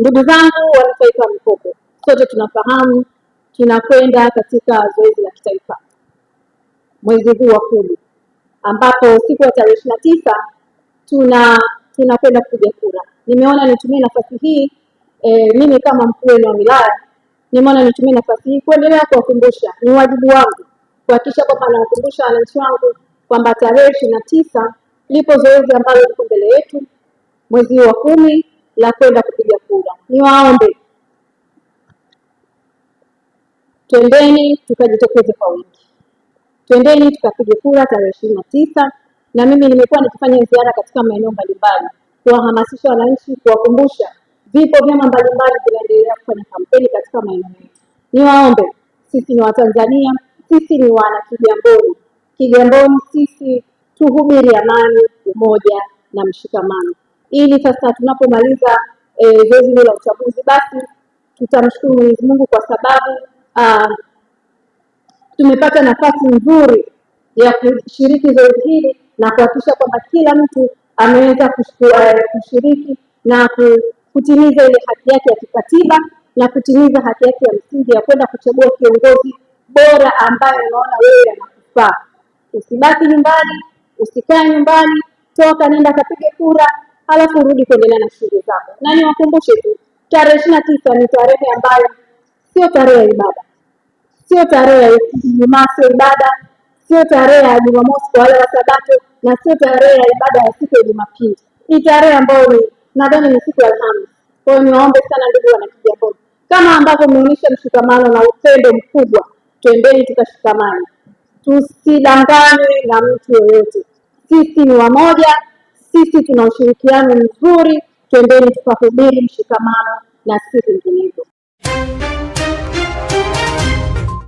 Ndugu zangu wanafaika wa sote tunafahamu tunakwenda katika zoezi la kitaifa mwezi huu wa kumi, ambapo siku ya tarehe ishirini na tisa tuna tunakwenda kupiga kura. Nimeona nitumie nafasi hii e, mimi kama mkuu wenu wa wilaya nimeona nitumie nafasi hii kuendelea kuwakumbusha, ni wajibu wangu kuhakikisha kwamba nawakumbusha wananchi wangu kwamba tarehe ishirini na tisa lipo zoezi ambalo liko mbele yetu mwezi wa kumi la kwenda Niwaombe, twendeni tukajitokeze kwa wingi, twendeni tukapige kura tarehe ishirini na tisa. Na mimi nimekuwa nikifanya ziara katika maeneo mbalimbali kuwahamasisha wananchi, kuwakumbusha vipo vyama mbalimbali vinaendelea kufanya kampeni katika maeneo yetu. Niwaombe, sisi ni Watanzania, sisi ni wana Kigamboni. Kigamboni sisi tuhubiri amani, umoja na mshikamano, ili sasa tunapomaliza E, zoezi hilo la uchaguzi, basi tutamshukuru Mwenyezi Mungu kwa sababu uh, tumepata nafasi nzuri ya kushiriki zoezi hili na kuhakikisha kwamba kila mtu ameweza ah, kushiriki na kutimiza ile haki yake ya kikatiba na kutimiza haki yake ya msingi ya kwenda kuchagua kiongozi bora ambaye unaona wewe anakufaa. Usibaki nyumbani, usikae nyumbani, toka nenda kapige kura halafu urudi kuendelea na shughuli zako. Na niwakumbushe tu tarehe ishirini na tisa ni tarehe ambayo sio tarehe ya ibada, sio tarehe ya Ijumaa, sio ibada, sio tarehe ya Jumamosi kwa wale wa Sabato, na sio tarehe ya ibada ya siku ya Jumapili. Ni tarehe ambayo ni nadhani ni siku ya Alhamisi. Kwa hiyo niwaombe sana ndugu wanakijambo, kama ambavyo umeonyesha mshikamano na upendo mkubwa, twendeni tukashikamana, tusidanganywe na mtu yoyote. Sisi ni wamoja sisi tuna ushirikiano mzuri, twendeni tukahubiri mshikamano na si vinginevyo.